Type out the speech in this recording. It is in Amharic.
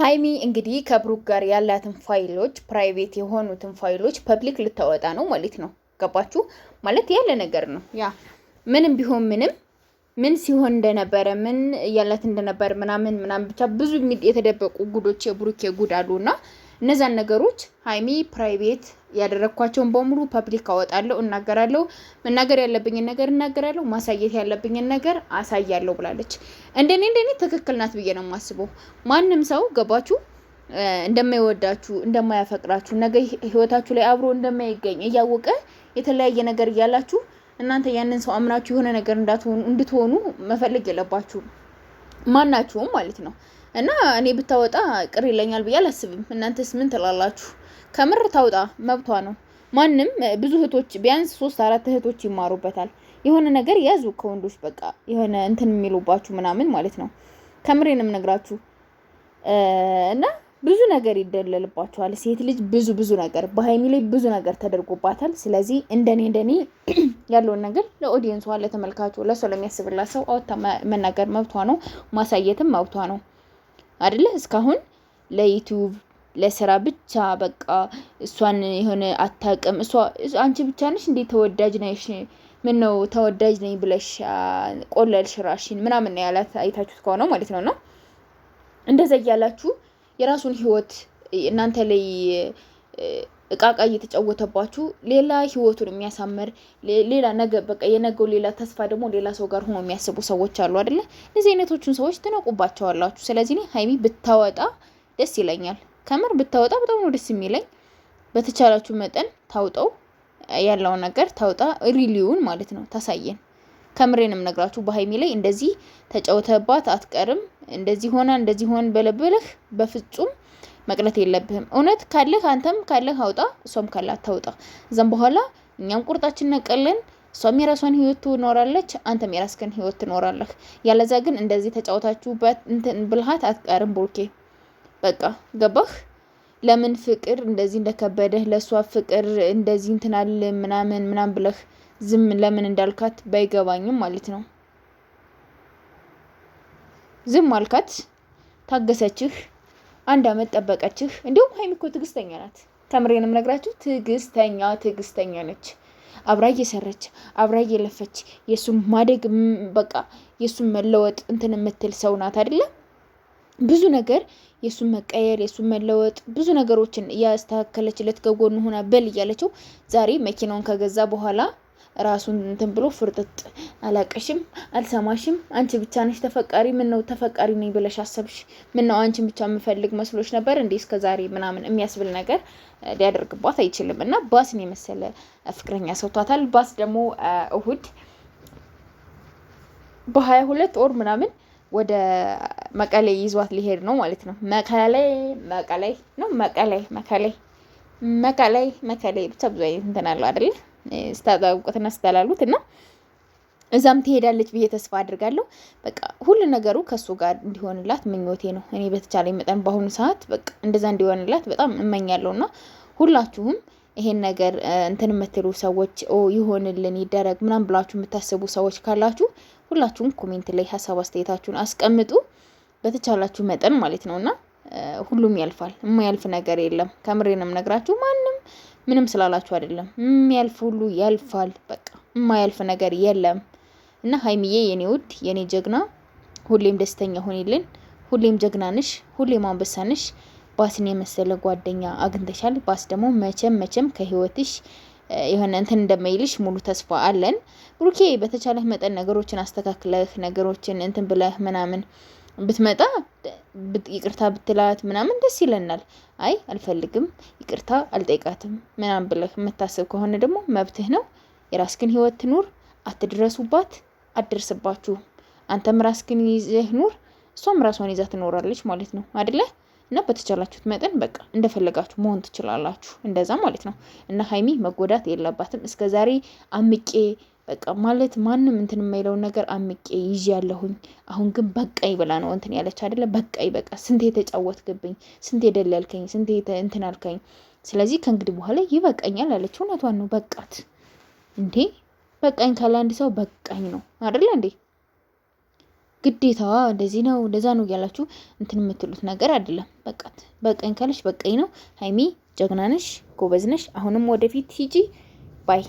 ሀይሚ እንግዲህ ከብሩክ ጋር ያላትን ፋይሎች ፕራይቬት የሆኑትን ፋይሎች ፐብሊክ ልታወጣ ነው ማለት ነው። ገባችሁ ማለት ያለ ነገር ነው። ያ ምንም ቢሆን ምንም ምን ሲሆን እንደነበረ ምን እያላት እንደነበረ ምናምን ምናምን ብቻ ብዙ የተደበቁ ጉዶች የብሩክ ጉድ እና እነዛን ነገሮች ሀይሚ ፕራይቬት ያደረግኳቸውን በሙሉ ፐብሊክ አወጣለሁ፣ እናገራለሁ። መናገር ያለብኝን ነገር እናገራለሁ፣ ማሳየት ያለብኝን ነገር አሳያለሁ ብላለች። እንደኔ እንደኔ ትክክል ናት ብዬ ነው የማስበው። ማንም ሰው ገባችሁ እንደማይወዳችሁ እንደማያፈቅራችሁ ነገ ህይወታችሁ ላይ አብሮ እንደማይገኝ እያወቀ የተለያየ ነገር እያላችሁ እናንተ ያንን ሰው አምናችሁ የሆነ ነገር እንዳትሆኑ እንድትሆኑ መፈለግ የለባችሁ ማናችሁም ማለት ነው። እና እኔ ብታወጣ ቅር ይለኛል ብዬ አላስብም። እናንተስ ምን ትላላችሁ? ከምር ታውጣ መብቷ ነው። ማንም ብዙ እህቶች ቢያንስ ሶስት አራት እህቶች ይማሩበታል። የሆነ ነገር ያዙ ከወንዶች በቃ የሆነ እንትን የሚሉባችሁ ምናምን ማለት ነው። ከምሬንም ነግራችሁ እና ብዙ ነገር ይደለልባችኋል። ሴት ልጅ ብዙ ብዙ ነገር በሀይሚ ላይ ብዙ ነገር ተደርጎባታል። ስለዚህ እንደኔ እንደኔ ያለውን ነገር ለኦዲየንሷ፣ ለተመልካቹ፣ ለሰው ለሚያስብላት ሰው መናገር መብቷ ነው። ማሳየትም መብቷ ነው። አይደለ እስካሁን ለዩቱብ ለስራ ብቻ በቃ እሷን የሆነ አታውቅም እሷ አንቺ ብቻ ነሽ እንዴ ተወዳጅ ነሽ? ምን ነው ተወዳጅ ነኝ ብለሽ ቆለልሽ ራሽን ምናምን ነው ያላት። አይታችሁት ከሆነ ማለት ነው ነው እንደዛ እያላችሁ የራሱን ህይወት እናንተ ላይ እቃቃ እየተጫወተባችሁ ሌላ ህይወቱን የሚያሳምር ሌላ ነገ በቃ የነገው ሌላ ተስፋ ደግሞ ሌላ ሰው ጋር ሆኖ የሚያስቡ ሰዎች አሉ አይደለ? እነዚህ አይነቶቹን ሰዎች ትነቁባቸዋላችሁ። ስለዚህ ሀይሚ ብታወጣ ደስ ይለኛል። ከምር ብታወጣ በጣም ነው ደስ የሚለኝ። በተቻላችሁ መጠን ታውጠው፣ ያለውን ነገር ታውጣ፣ ሪሊውን ማለት ነው ታሳየን። ከምሬንም ነግራችሁ በሀይሚ ላይ እንደዚህ ተጫውተባት አትቀርም። እንደዚህ ሆና እንደዚህ ሆን በለበለህ በፍጹም መቅረት የለብህም። እውነት ካለህ አንተም ካለህ አውጣ፣ እሷም ካላት ታውጣ። እዛም በኋላ እኛም ቁርጣችን ነቀልን። እሷም የራሷን ህይወት ትኖራለች፣ አንተም የራስህን ህይወት ትኖራለህ። ያለዛ ግን እንደዚህ ተጫወታችሁበት እንትን ብልሃት አትቀርም። ቦርኬ በቃ ገባህ? ለምን ፍቅር እንደዚህ እንደከበደህ ለእሷ ፍቅር እንደዚህ እንትናል ምናምን ምናም ብለህ ዝም ለምን እንዳልካት ባይገባኝም ማለት ነው። ዝም አልካት፣ ታገሰችህ። አንድ አመት ጠበቀችህ። እንዲሁም ሀይሚ እኮ ትዕግስተኛ ናት። ተምሬንም ነግራችሁ ትዕግስተኛ ትዕግስተኛ ነች። አብራ እየሰረች አብራ እየለፈች የእሱን ማደግ በቃ የእሱን መለወጥ እንትን የምትል ሰው ናት አይደለም ብዙ ነገር የእሱን መቀየር የእሱን መለወጥ ብዙ ነገሮችን እያስተካከለችለት ከጎኑ ሆና በል እያለችው ዛሬ መኪናውን ከገዛ በኋላ ራሱን እንትን ብሎ ፍርጥጥ። አላቀሽም፣ አልሰማሽም። አንቺ ብቻ ነሽ ተፈቃሪ። ምን ነው ተፈቃሪ ነኝ ብለሽ አሰብሽ? ምን ነው አንቺን ብቻ የምፈልግ መስሎች ነበር እንዴ እስከ ዛሬ ምናምን የሚያስብል ነገር ሊያደርግባት አይችልም። እና ባስን የመሰለ ፍቅረኛ ሰውቷታል። ባስ ደግሞ እሁድ በሀያ ሁለት ወር ምናምን ወደ መቀሌ ይዟት ሊሄድ ነው ማለት ነው። መቀሌ መቀሌ ነው መቀሌ መቀሌ መቀሌ መቀሌ ብቻ ብዙ አይነት እንትን አለው አይደለ? ስታውቁትና ስታላሉት እና እዛም ትሄዳለች ብዬ ተስፋ አድርጋለሁ። በቃ ሁሉ ነገሩ ከእሱ ጋር እንዲሆንላት ምኞቴ ነው። እኔ በተቻለ መጠን በአሁኑ ሰዓት በቃ እንደዛ እንዲሆንላት በጣም እመኛለሁ እና ሁላችሁም ይሄን ነገር እንትን የምትሉ ሰዎች ይሆንልን ይደረግ ምናም ብላችሁ የምታስቡ ሰዎች ካላችሁ ሁላችሁም ኮሜንት ላይ ሀሳብ አስተያየታችሁን አስቀምጡ። በተቻላችሁ መጠን ማለት ነው እና ሁሉም ያልፋል። የማያልፍ ነገር የለም። ከምሬንም ነግራችሁ ማንም ምንም ስላላችሁ አይደለም። የሚያልፍ ሁሉ ያልፋል። በቃ የማያልፍ ነገር የለም እና ሀይሚዬ፣ የኔ ውድ፣ የኔ ጀግና፣ ሁሌም ደስተኛ ሆኔልን። ሁሌም ጀግናንሽ፣ ሁሌም አንበሳንሽ። ባስን የመሰለ ጓደኛ አግኝተሻል። ባስ ደግሞ መቼም መቼም ከህይወትሽ የሆነ እንትን እንደማይልሽ ሙሉ ተስፋ አለን። ብሩኬ፣ በተቻለህ መጠን ነገሮችን አስተካክለህ ነገሮችን እንትን ብለህ ምናምን ብትመጣ ይቅርታ ብትላት ምናምን ደስ ይለናል። አይ አልፈልግም፣ ይቅርታ አልጠይቃትም ምናምን ብለህ የምታስብ ከሆነ ደግሞ መብትህ ነው። የራስክን ህይወት ትኑር፣ አትድረሱባት፣ አትደርስባችሁም። አንተም ራስክን ይዘህ ኑር፣ እሷም ራሷን ይዛ ትኖራለች ማለት ነው አደለ? እና በተቻላችሁት መጠን በቃ እንደፈለጋችሁ መሆን ትችላላችሁ፣ እንደዛ ማለት ነው። እና ሀይሚ መጎዳት የለባትም። እስከዛሬ አምቄ በቃ ማለት ማንም እንትን የማይለውን ነገር አምቄ ይዤ ያለሁኝ። አሁን ግን በቃኝ ብላ ነው እንትን ያለች አይደለ? በቃኝ በቃ ስንት የተጫወትክብኝ፣ ስንት የደለልከኝ፣ ስንት እንትን አልከኝ። ስለዚህ ከእንግዲህ በኋላ ይበቃኛል አለች። እውነቷን ነው። በቃት እንዴ በቃኝ ካለ አንድ ሰው በቃኝ ነው አይደለ እንዴ? ግዴታዋ እንደዚህ ነው እንደዛ ነው እያላችሁ እንትን የምትሉት ነገር አይደለም። በቃት በቃኝ ካለች በቃኝ ነው። ሀይሚ ጀግናነሽ፣ ጎበዝነሽ። አሁንም ወደፊት ሂጂ ባይ